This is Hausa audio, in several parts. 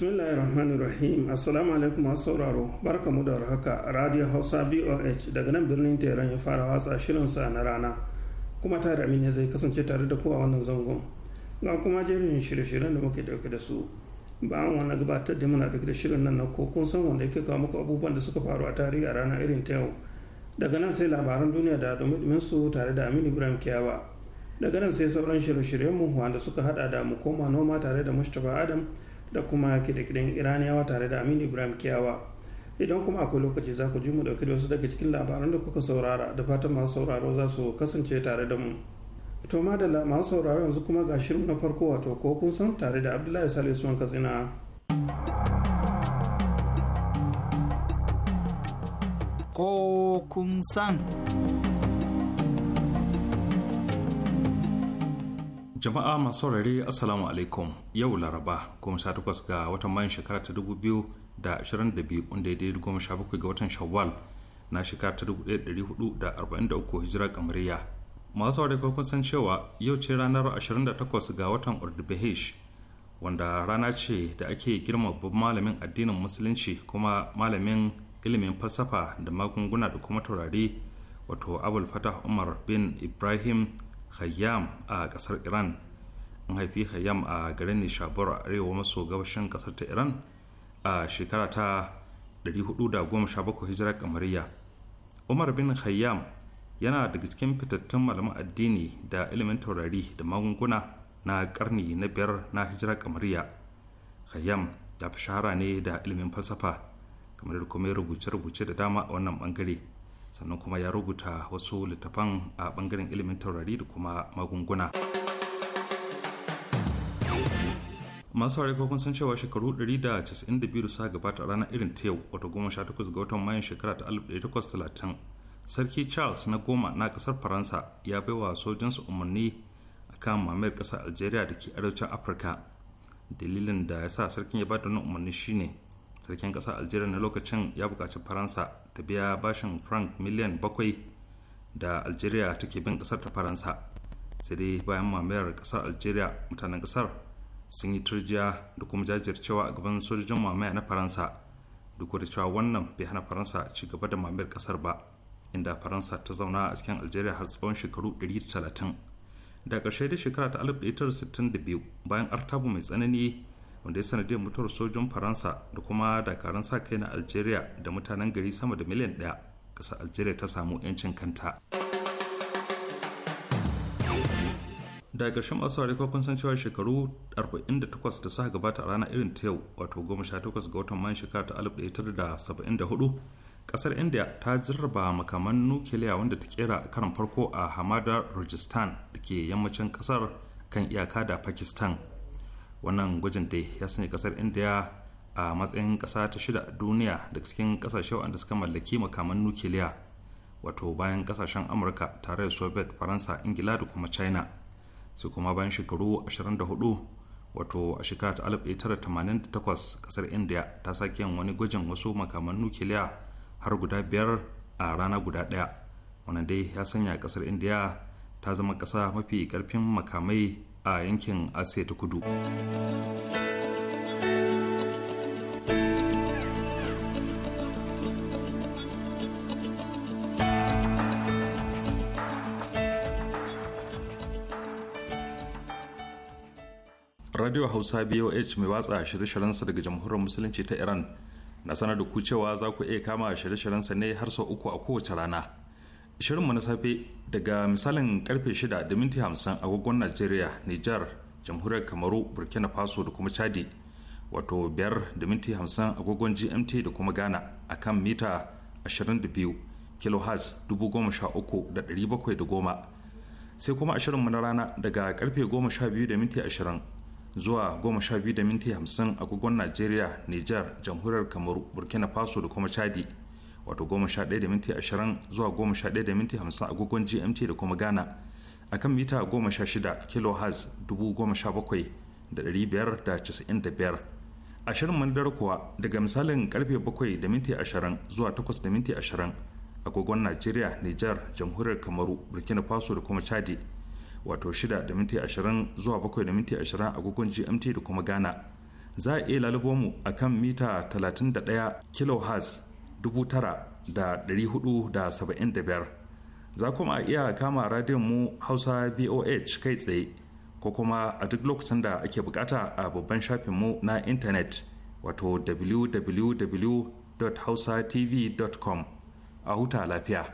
bismillahir rahmanir rahim assalamu alaikum masu sauraro barka mu da haka radio hausa boh daga nan birnin teran ya fara watsa shirinsa na rana kuma ta amin ya zai kasance tare da kowa wannan zangon ga kuma jerin shirye-shiryen da muke dauke da su ba bayan wannan gabatar da muna dauke da shirin nan na ko kun san wanda yake kawo muku abubuwan da suka faru a tarihi a rana irin ta yau daga nan sai labaran duniya da dumi su tare da aminu ibrahim kiyawa daga nan sai sauran shirye shiryen mu wanda suka hada da mu koma noma tare da mustapha adam da kuma kiɗe-kiɗen iraniyawa tare da aminu ibrahim kiyawa idan kuma akwai lokaci za ku ji mu ɗauki da wasu daga cikin labaran da kuka saurara da fatan masu sauraro za su kasance tare da mu to madalla masu sauraro yanzu kuma ga shirin na farko wato ko kun san tare da abdullahi salisu suwan katsina ko kun san jama'a masu saurare assalamu alaikum yau laraba goma sha takwas ga watan mayun shekara ta dubu biyu da ashirin da biyu wanda ya daidai goma sha bakwai ga watan shawwal na shekara ta dubu ɗaya dari hudu da arba'in da uku hijira kamariya masu saurare ko kun san cewa yau ce ranar ashirin da takwas ga watan urdubahesh wanda rana ce da ake girma babban malamin addinin musulunci kuma malamin ilimin falsafa da magunguna da kuma taurari wato abul fatah umar bin ibrahim hayyam a kasar iran an haifi hayyam a garin nishabur arewa maso gabashin kasar ta iran a shekara ta 417 hijirar kamariya umar bin hayyam yana daga cikin fitattun malaman addini da ilimin taurari da magunguna na karni na biyar na hijirar kamariya hayyam ya fi shahara ne da ilimin falsafa kamar da kuma rubuce-rubuce da dama a wannan bangare sannan kuma ya rubuta wasu littafan a bangaren ilimin taurari da kuma magunguna masu haure kun san cewa shekaru 192 da gabata ranar irin ta yau wato 18 ga watan mayan shekara ta 1830 sarki charles na goma na kasar faransa ya bai wa sojinsu umarni a kan mamayar kasar algeria da ke arewacin afirka dalilin da ya sa sarkin ya bada wannan umarni shine sarkin kasar algeria na lokacin ya bukaci faransa ta biya bashin frank miliyan bakwai da algeria take bin kasar ta faransa sai dai bayan mamayar kasar algeria mutanen kasar sun yi turjiya da kuma jajircewa a gaban sojojin mamaya na faransa duk da cewa wannan bai hana faransa ci gaba da mamayar kasar ba inda faransa ta zauna a cikin algeria har tsawon shekaru 130 da ƙarshe da shekara ta 1962 bayan artabu mai tsanani wanda ya sanadiyar mutuwar sojin faransa da kuma dakarun sa kai na algeria da mutanen gari sama da miliyan ɗaya ƙasar algeria ta samu 'yancin kanta da ƙarshen masu ware kun san cewa shekaru 48 da suka gabata a ranar irin ta yau wato 18 ga watan mayan shekara ta 1974 ƙasar india ta jirba makaman nukiliya wanda ta kera a karan farko a hamada rajasthan da ke yammacin ƙasar kan iyaka da pakistan wannan gwajin dai ya sanya kasar indiya a matsayin kasa ta shida a duniya daga cikin kasashe wanda suka mallaki makaman nukiliya wato bayan kasashen amurka tare da soviet faransa ingila da kuma china su kuma bayan shekaru 24 wato a shekara ta 1988 kasar india ta sake yin wani gwajin wasu makaman nukiliya har guda biyar a rana guda daya wannan dai ya sanya kasar india ta zama kasa mafi karfin makamai a yankin asiya ta kudu radio hausa boh mai watsa shirye-shiryensa daga jamhuriyar musulunci ta iran na sanar da ku cewa za ku iya kama shirye-shiryensa ne har sau uku a kowace rana shirinmu na safe daga misalin karfe 6.50 agogon najeriya nijar jamhuriyar kamaru burkina faso da kuma chadi wato 5:50 da minti 50 agogon gmt da kuma ghana a kan mita 22 kHz 13710 sai kuma ashirinmu na rana daga karfe 12.20 zuwa 12.50 agogon najeriya nijar jamhuriyar kamaru burkina faso da kuma chadi wato 11:20 zuwa 11:50 agogon gmt da kuma ghana a kan mita 16 kilohertz 17,595 shirin manadar kuwa daga misalin karfe bakwai da minti ashirin zuwa takwas da minti ashirin agogon najeriya niger jamhuriyar kamaru burkina faso da kuma chadi wato shida da minti ashirin zuwa bakwai da minti ashirin agogon gmt da kuma ghana za a iya lalubo mu a kan mita 31 kilohertz biyar za kuma a iya kama radiyon mu hausa voh kai tsaye ko kuma a duk lokacin da ake bukata a babban mu na intanet wato www.hausatv.com a huta lafiya.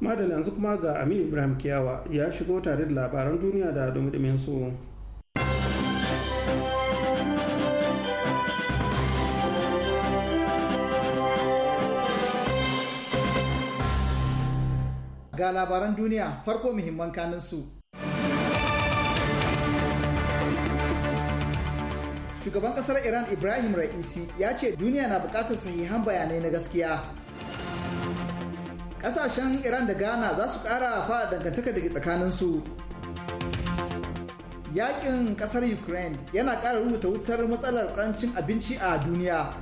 Madalla yanzu kuma ga Aminu Ibrahim Kiyawa ya shigo tare da labaran duniya da dumi su. ga labaran duniya farko muhimman kanin su. Shugaban kasar Iran Ibrahim Ra'isi ya ce duniya na bukatar sahihan bayanai na gaskiya. Kasashen Iran da Ghana za su kara fara dangantaka da tsakanin su. Yakin kasar Ukraine yana kara rubuta wutar matsalar karancin abinci a duniya.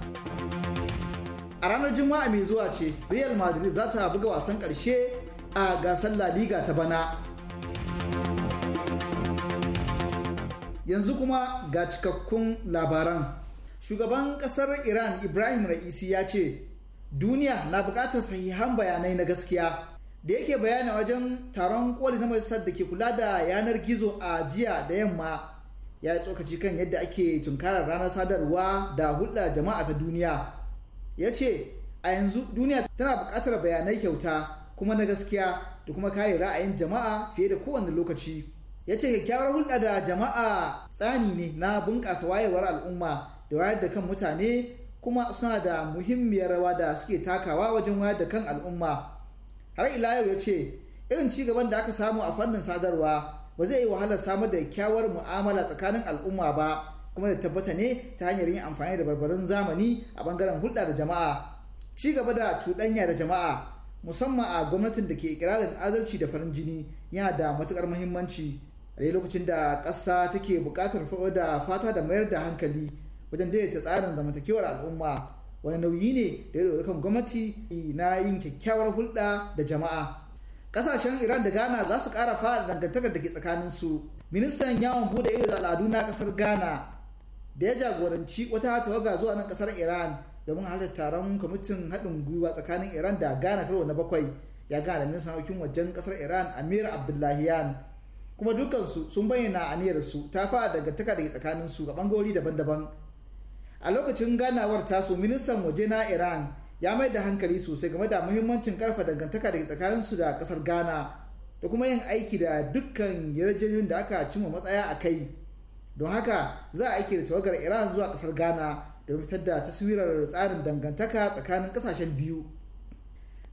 a ranar juma'a mai zuwa ce real madrid za ta buga wasan ƙarshe. a gasar La Liga ta bana. Yanzu kuma ga cikakkun labaran. Shugaban ƙasar Iran Ibrahim Ra'isi ya ce, Duniya na buƙatar sahihan bayanai na gaskiya. Da yake bayani wajen taron koli na majalisar da ke kula da yanar gizo a jiya da yamma ya yi tsokaci kan yadda ake tunkarar ranar sadarwa da hulɗa jama'a ta duniya. Ya ce, a yanzu duniya tana buƙatar bayanai kyauta kuma na gaskiya da kuma kare ra'ayin jama'a fiye da kowane lokaci ya ce kyakkyawar hulɗa da jama'a tsani ne na bunƙasa wayewar al'umma da wayar da kan mutane kuma suna da muhimmiyar rawa da suke takawa wajen wayar da kan al'umma har ila yau ya ce irin ci gaban da aka samu a fannin sadarwa ba zai yi wahalar samar da kyakkyawar mu'amala tsakanin al'umma ba kuma da tabbata ne ta hanyar yin amfani da barbarin zamani a bangaren hulɗa da jama'a ci gaba da tuɗanya da jama'a musamman a gwamnatin da ke ikirarin adalci da farin jini yana da matukar muhimmanci a dai lokacin da ƙasa take buƙatar fa'o da fata da mayar da hankali wajen daidaita tsarin zamantakewar al'umma wani nauyi ne da ya dorukan gwamnati na yin kyakkyawar hulɗa da jama'a ƙasashen iran da ghana za su ƙara fara dangantakar da ke su. ministan yawon bude ido da al'adu na kasar ghana da ya jagoranci wata tawaga zuwa nan ƙasar iran domin halarta taron kwamitin haɗin gwiwa tsakanin iran da ghana karo na bakwai ya ga alamin sana'o'in wajen kasar iran amir abdullahiyan kuma dukansu sun bayyana su ta fara daga taka daga tsakanin su ga bangarori daban-daban a lokacin ganawar tasu ministan waje na iran ya mai da hankali sosai game da muhimmancin karfa dangantaka da tsakanin su da kasar ghana da kuma yin aiki da dukkan yarjejeniyoyin da aka cimma matsaya a kai don haka za a aiki da tawagar iran zuwa kasar ghana don fitar da taswirar tsarin dangantaka tsakanin kasashen biyu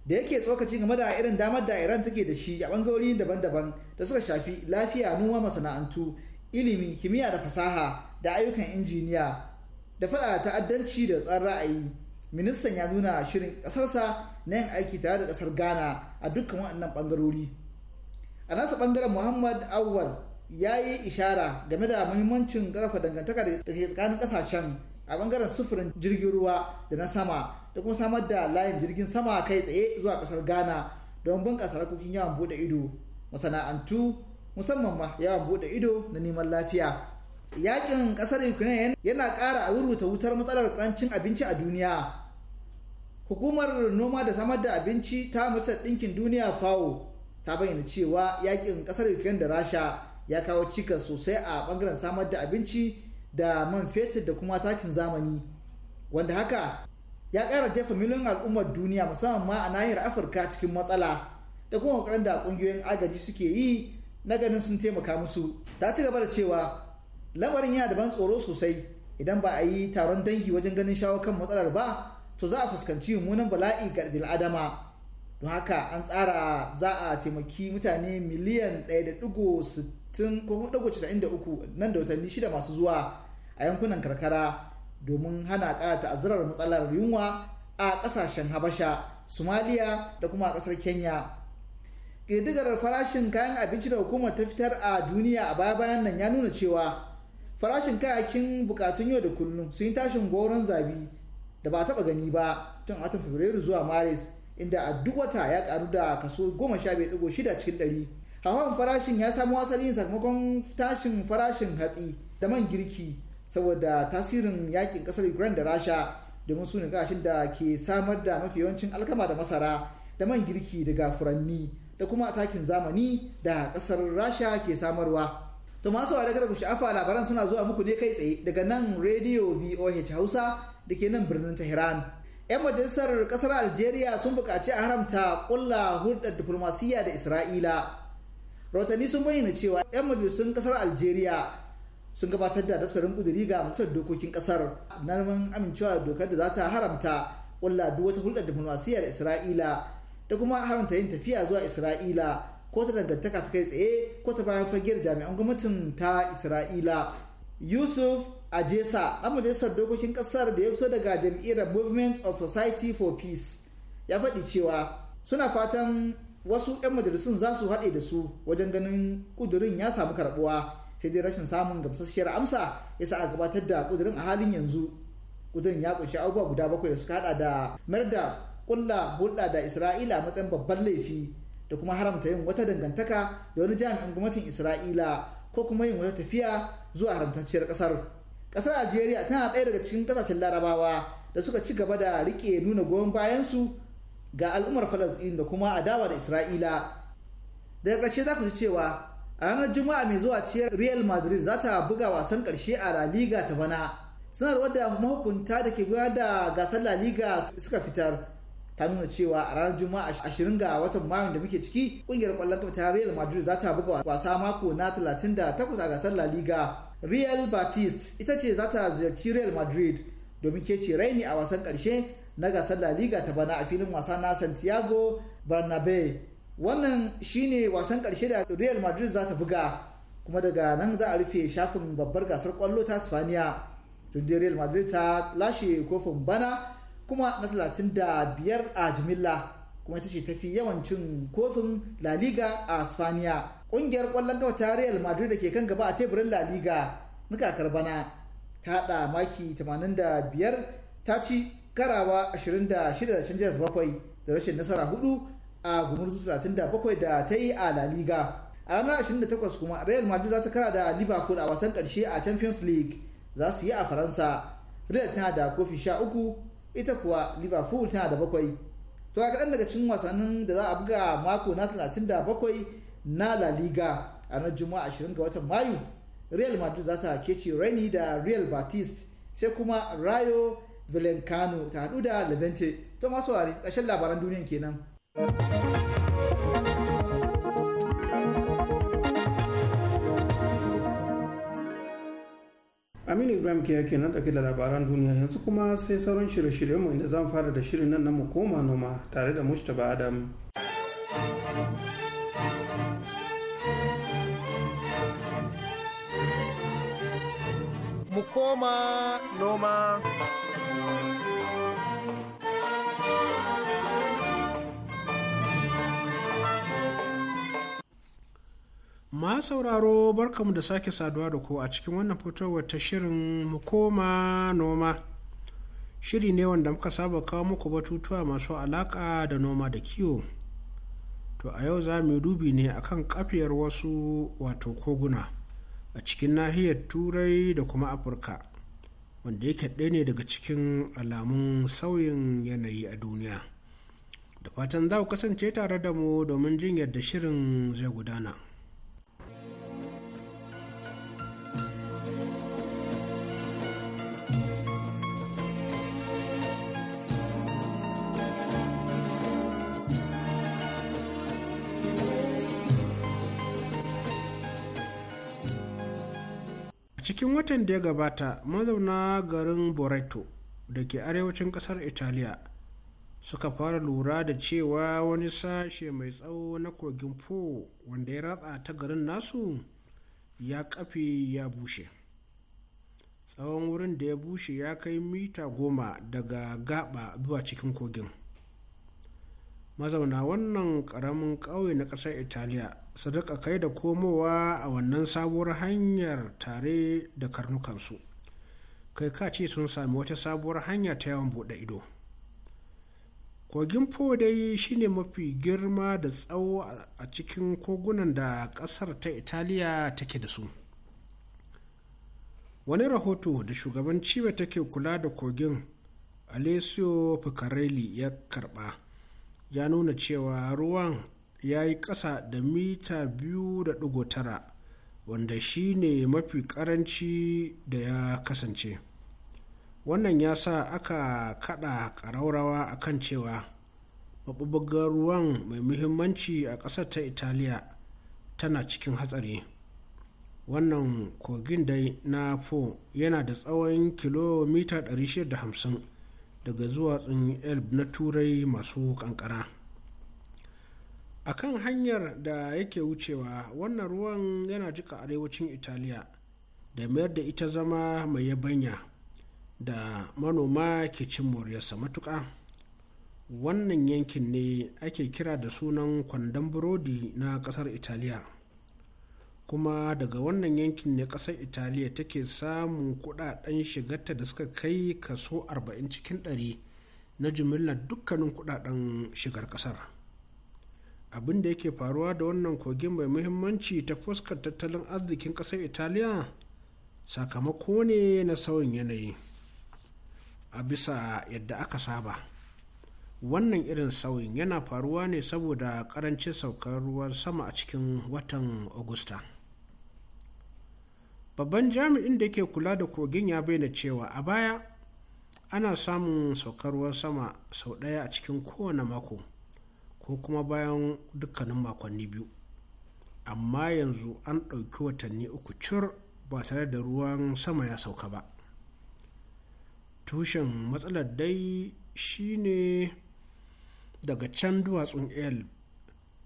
da yake tsokaci game da irin damar da iran take da shi a bangarori daban-daban da suka shafi lafiya noma masana'antu ilimi kimiyya da fasaha da ayyukan injiniya da faɗa ta'addanci da tsan ra'ayi ministan ya nuna shirin ƙasarsa na yin aiki tare da ƙasar ghana a dukkan waɗannan bangarori a nasa ɓangaren muhammad awwal ya yi ishara game da muhimmancin ƙarfa dangantaka da ke tsakanin ƙasashen a bangaren sufurin jirgin ruwa da na sama da kuma samar da layin jirgin sama kai tsaye zuwa kasar ghana don bunƙasa harkokin yawon bude ido masana'antu musamman ma yawon bude ido na neman lafiya yakin kasar ukraine yana ƙara a wutar matsalar karancin abinci a duniya hukumar noma da samar da abinci ta majalisar ɗinkin duniya fawo ta bayyana cewa yakin kasar ukraine da rasha ya kawo cikas sosai a bangaren samar da abinci da man fetur da kuma takin zamani wanda haka ya ƙara jefa miliyon al'ummar duniya musamman ma a nahiyar afirka cikin matsala da kuma ƙoƙarin da ƙungiyoyin agaji suke yi na ganin sun taimaka musu ta ci gaba da cewa lamarin yana da ban tsoro sosai idan ba a yi taron dangi wajen ganin shawo kan matsalar ba to za a fuskanci mummunan bala'i ga bil'adama don haka an tsara za a taimaki mutane miliyan tun ko da uku nan da watanni shida masu zuwa a yankunan karkara domin hana ƙara ta'azzarar matsalar yunwa a ƙasashen habasha somaliya da kuma a ƙasar kenya ƙididdigar farashin kayan abinci da hukumar ta fitar a duniya a baya bayan nan ya nuna cewa farashin kayakin bukatun yau da kullum sun yi tashin goron zabi da ba taba gani ba tun a watan fabrairu zuwa maris inda a duk wata ya karu da kaso goma sha shida cikin ɗari hawan farashin ya samo asali sakamakon tashin farashin hatsi da man girki saboda tasirin yakin kasar ukraine da rasha domin su ne gashin da ke samar da mafi yawancin alkama da masara da man girki daga furanni da kuma takin zamani da kasar rasha ke samarwa to masu wa daga ku sha'afa labaran suna zuwa muku ne kai tsaye daga nan radio voh hausa da ke nan birnin tehran 'yan majalisar kasar algeria sun buƙaci a haramta ƙulla hulɗar diflomasiyya da isra'ila rahotanni sun bayyana cewa 'yan majalisun kasar algeria sun gabatar da daftarin kuduri ga majalisar dokokin kasar na neman amincewa da dokar da za ta haramta kulla duk wata hulɗar diflomasiyya da isra'ila da kuma haramta yin tafiya zuwa isra'ila ko ta dangantaka ta kai tsaye ko ta bayan fagiyar jami'an gwamnatin ta isra'ila yusuf ajesa ɗan majalisar dokokin kasar da ya fito daga jam'iyyar movement of society for peace ya faɗi cewa suna fatan wasu 'yan majalisun za su haɗe da su wajen ganin ƙudurin ya samu karɓuwa sai dai rashin samun gamsasshiyar amsa ya sa a gabatar da ƙudurin a halin yanzu ƙudurin ya ƙunshi abubuwa guda bakwai da suka haɗa da mayar da ƙulla hulɗa da isra'ila a matsayin babban laifi da kuma haramta yin wata dangantaka da wani jami'in gwamnatin isra'ila ko kuma yin wata tafiya zuwa haramtacciyar ƙasar ƙasar algeria tana ɗaya daga cikin ƙasashen larabawa da suka ci gaba da riƙe nuna goyon su. ga al'ummar falasɗin da kuma adawa da isra'ila daga ƙarshe za ku ci cewa a ranar juma'a mai zuwa ciyar real madrid za ta buga wasan ƙarshe a la liga ta bana sanarwar da mahukunta da ke gudanar da gasar la liga suka fitar ta nuna cewa a ranar juma'a 20 ga watan mayu da muke ciki ƙungiyar kwallon kafa ta real madrid za ta buga wasa mako na 38 a gasar la liga real batist ita ce za ta ziyarci real madrid domin ke kece raini a wasan ƙarshe na gasar La Liga ta bana a filin wasa na Santiago Bernabeu. Wannan shine wasan ƙarshe da Real Madrid za ta buga kuma daga nan za a rufe shafin babbar gasar kwallo ta Spaniya. Tunda Real Madrid ta lashe kofin bana kuma na 35 a Jamila kuma ita ce tafi yawan cin kofin La Liga a Spaniya. Ƙungiyar ƙwallon gaba ta Real Madrid da ke kan gaba a teburin La Liga na kakar bana ta haɗa maki 85 ta ci karawa 26 da can jihar bakwai da rashin nasara hudu a gumurzu 37 da ta yi a La Liga. A ranar 28 kuma Real Madrid za ta kara da Liverpool a wasan karshe a Champions League za su yi a Faransa. Real tana da kofi 13 ita kuwa Liverpool tana da bakwai. To a kaɗan daga cikin wasannin da za a buga mako na 37 na La Liga a ranar Juma'a 20 ga watan Mayu. Real Madrid za ta kece Reni da Real Batiste sai kuma Rayo villain kano ta hadu da levante to masu ware ƙarshen labaran duniyan kenan aminu ibrahim ke yake nan ɗauke da labaran duniya yanzu kuma sai sauran shirye-shiryenmu inda zan fara da shirin nan na mu koma noma tare da mustapha adam mu koma noma ma sauraro barkamu da sake saduwa da ku a cikin wannan fitowar ta shirin mu koma noma shiri ne wanda muka saba kawo muku batutuwa masu alaka da noma da kiwo to a yau za mu dubi ne akan kafiyar wasu wato koguna a cikin nahiyar turai da kuma afirka wanda yake ɗaya ne daga cikin alamun sauyin yanayi a duniya da fatan za ku kasance tare da mu domin jin yadda shirin zai gudana. a cikin watan da ya gabata mazauna garin boreto da ke arewacin kasar italiya suka fara lura da cewa wani sashe mai tsawo na kogin po wanda ya ratsa ta garin nasu ya kafe ya bushe tsawon wurin da ya bushe ya kai mita goma daga gaba zuwa cikin kogin mazauna wannan karamin ƙauye na ƙasar italiya sadaka kai da komowa a wannan sabuwar hanyar tare da karnukansu kai ka ce sun sami wata sabuwar hanya ta yawan buɗe ido kogin po dai shine mafi girma da tsawo a cikin kogunan da ƙasar ta italiya take da su wani rahoto da shugaban ciwe take kula da kogin alessio picarelli ya karba ya nuna cewa ruwan ya yi ƙasa da mita biyu da tara wanda shi ne mafi ƙaranci da ya kasance wannan ya sa aka kaɗa ƙaraurawa a kan cewa maɓuɓɓugar ruwan mai muhimmanci a ƙasar ta italiya tana cikin hatsari wannan kogin dai na po yana da tsawon kilomita 650 daga zuwa tsin elb na turai masu kankara. a kan hanyar da yake wucewa wannan ruwan yana jika arewacin italiya da mayar da ita zama mai yabanya da manoma ke cin moriyarsa matuƙa wannan yankin ne ake kira da sunan kwandon burodi na ƙasar italiya kuma daga wannan yankin ne ƙasar italiya take samun kudaden shigarta da suka kai kaso 40 cikin 100 na jimillar dukkanin kudaden shigar ƙasar. abin da yake faruwa da wannan kogin mai muhimmanci ta fuskar tattalin arzikin ƙasar italiya sakamako ne na sauyin yanayi a bisa yadda aka saba wannan irin sauyin yana faruwa ne saboda ƙarancin saukar ruwan sama a cikin watan agusta babban jami'in da ke kula da kogin ya bayyana cewa a baya ana samun saukar ruwan sama sau ɗaya a cikin kowane mako ko kuma bayan dukkanin makonni biyu amma yanzu an ɗauki watanni uku cur ba tare da ruwan sama ya sauka ba tushen matsalar dai shine daga can duwatsun el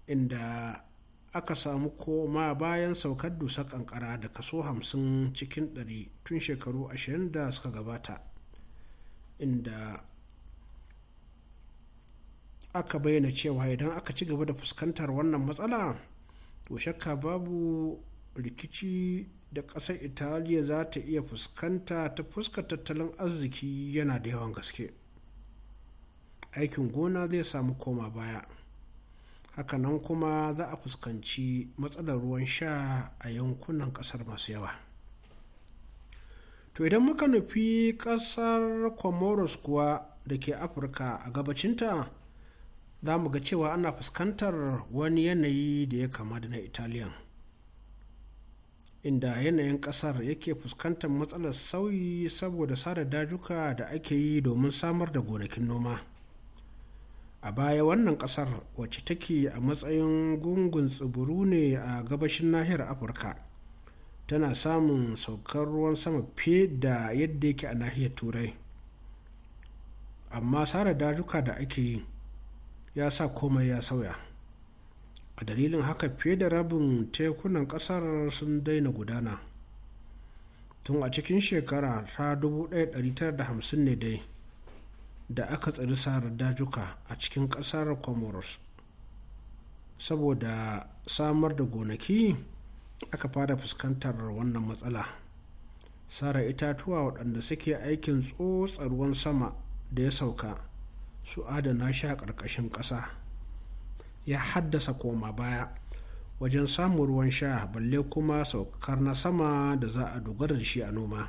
inda aka samu koma bayan saukar dusar kankara da kaso 50 cikin 100 tun shekaru 20 da suka gabata inda aka bayyana cewa idan aka ci gaba da fuskantar wannan matsala to shakka babu rikici da ƙasar italiya za ta iya fuskanta ta fuskar tattalin arziki yana da yawan gaske aikin gona zai samu koma baya hakanan kuma za a fuskanci matsalar ruwan sha a yankunan ƙasar masu yawa to idan muka nufi ƙasar comoros kuwa da ke afirka a gabacinta za mu ga cewa ana fuskantar wani yanayi da ya kama da na italiyan inda yanayin kasar yake fuskantar matsalar sauyi saboda sada dajuka da ake yi domin samar da gonakin noma a baya wannan kasar wacce take a matsayin gungun tsibiru ne a gabashin nahiyar afirka tana samun saukar ruwan sama fiye da yadda yake a nahiyar turai amma sada dajuka da ake yi ya sa komai ya sauya a dalilin haka fiye da rabin tekunan kasar sun daina gudana tun a cikin shekara ta 1950 ne dai da aka tsari sarar dajuka a cikin kasar comoros saboda samar da gonaki aka fara fuskantar wannan matsala sara itatuwa waɗanda suke aikin tsotsar ruwan sama da ya sauka su adana shi a ƙarƙashin ƙasa ya haddasa koma baya wajen samun ruwan sha balle kuma saukar na sama da za a dogara da shi a noma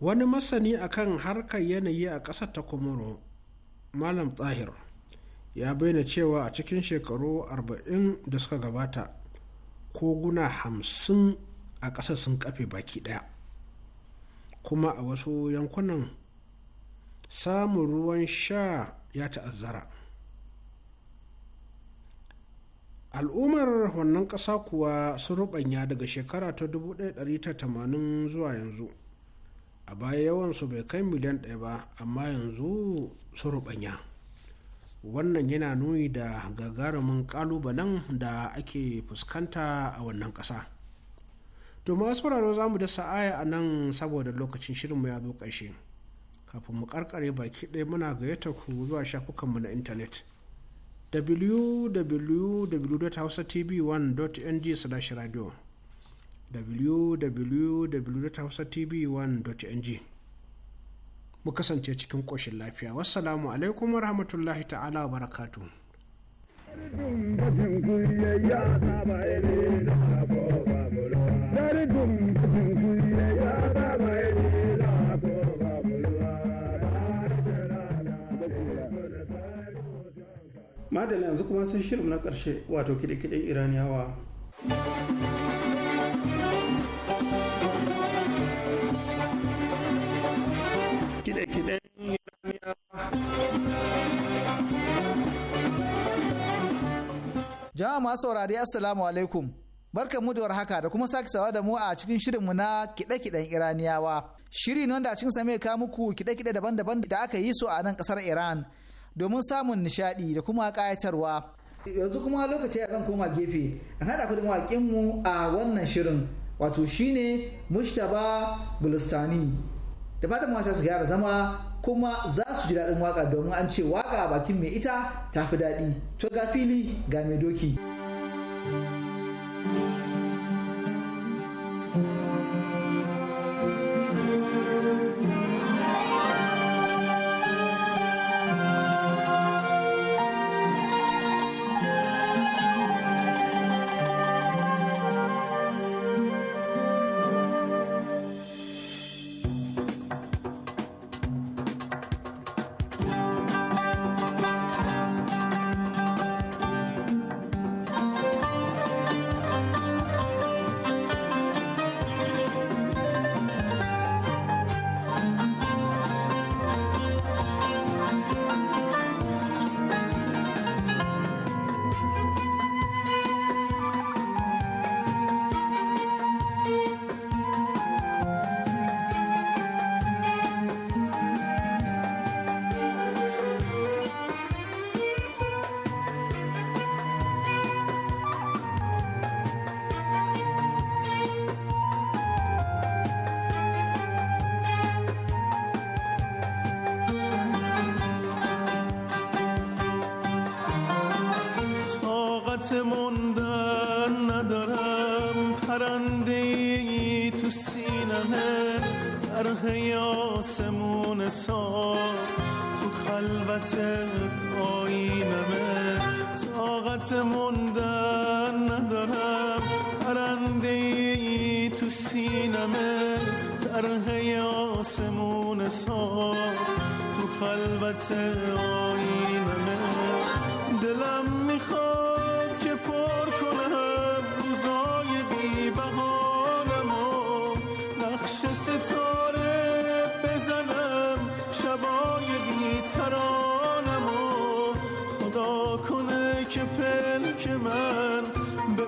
wani masani akan harkar yanayi a ƙasar ta komoro malam tsahir ya bayyana cewa a cikin shekaru 40 da suka gabata koguna 50 a ƙasar sun kafe baki ɗaya kuma a wasu yankunan samun ruwan sha ya ta'azzara al'ummar wannan ƙasa kuwa sun rubanya daga shekara ta 1980 zuwa yanzu a baya yawansu bai kai miliyan ɗaya ba amma yanzu sun rubanya wannan yana nuni da gagarumin ƙalubalen da ake fuskanta a wannan ƙasa masu sauraro za mu da sa'aya a nan saboda lokacin shirinmu ya zo ƙarshe kafin mu karkare baki ɗaya muna gayyata ku zuwa shafukanmu na intanet www.hausatv1.ng/radio www.hausatv1.ng mu kasance cikin ƙoshin lafiya wassalamu alaikum warahmatullahi ta'ala wa barakatuhu madalla yanzu kuma sai shirin na karshe wato kide kiɗen iraniyawa jama'a masu saurari assalamu alaikum barkan mu da haka da kuma sake sawa da mu a cikin shirinmu na kide-kiden iraniyawa shiri ne wanda a cikin sa mai kawo muku kiɗe-kiɗe daban-daban da aka yi su a nan kasar iran domin samun nishaɗi da kuma ƙayatarwa. yanzu kuma lokaci zan koma gefe an haɗa ku da mawaƙinmu a wannan shirin wato shine mushtaba bulustani da fatan mawasa su gyara zama kuma za su ji daɗin waƙa domin an ce waƙa bakin mai ita ta fi daɗi to ga fili ga mai doki. thank you طاقت موندن ندارم پرنده ای تو سینمه طرح آسمون صاف تو خلوت آینمه طاقت موندن ندارم پرنده ای تو سینمه طرح آسمون صاف تو خلوت آینمه چه ستاره بزنم شبای بیترانم و خدا کنه که پلک من به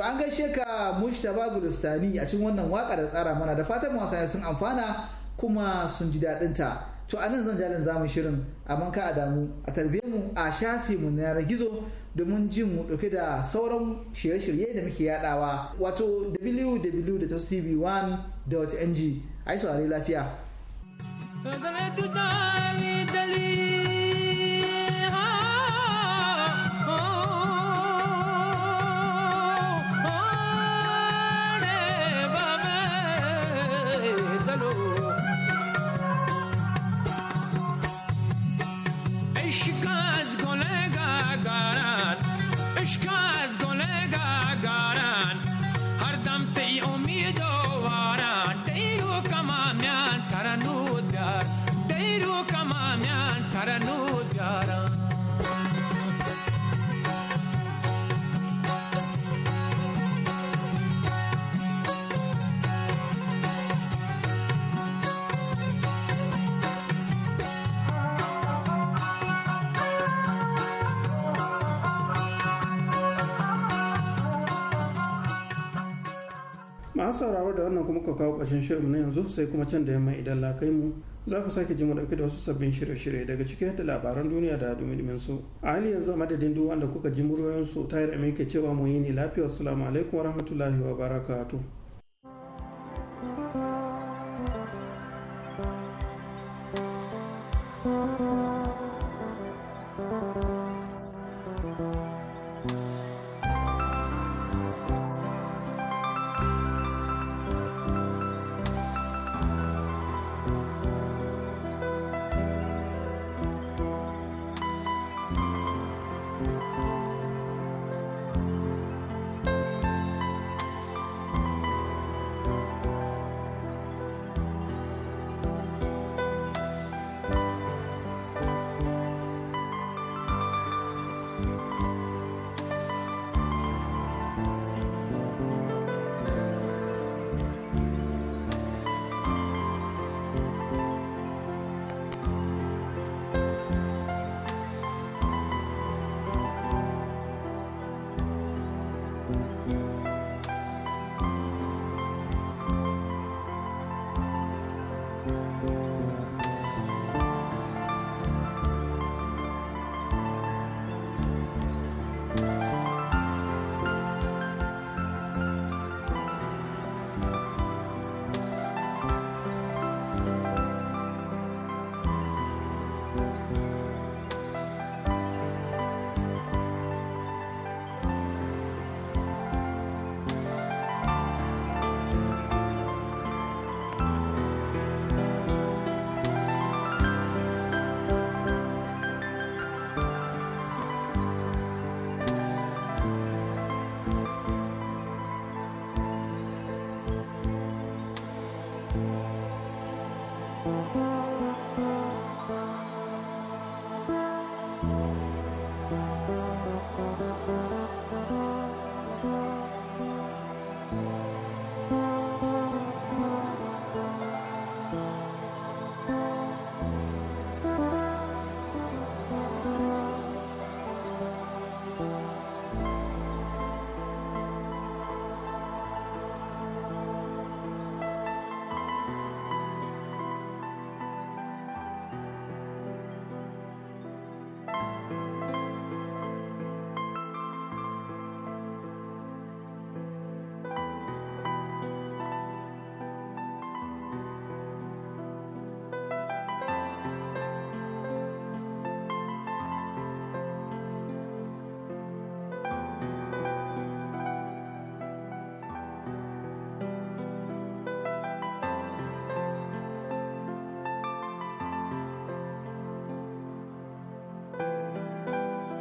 to an gaishe ka mushtaba gulustani a cikin wannan waka da tsara mana da fatan masu sun amfana kuma sun ji daɗin to a nan zan jalin zamu shirin amma ka a damu a tarbe mu a shafe mu na yanar gizo domin jin mu ɗauke da sauran shirye-shirye da muke yadawa wato www.tv1.ng ai saurari lafiya. masu sauraro da wannan kuma ka kawo ƙarshen shirin na yanzu sai kuma can da yamma idan lakai mu za ku sake ji mu dauke da wasu sabbin shirye-shirye daga ciki da labaran duniya da dumi su a hali yanzu a madadin duk wanda kuka ji muryoyin su ta tayar ke cewa mu yi ne lafiya assalamu alaikum wa rahmatullahi wa barakatuh thank you